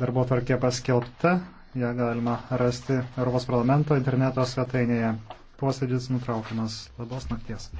darbo tvarkė paskelbta, ją galima rasti Europos parlamento interneto svetainėje. Posėdis nutraukiamas. Labos nakties.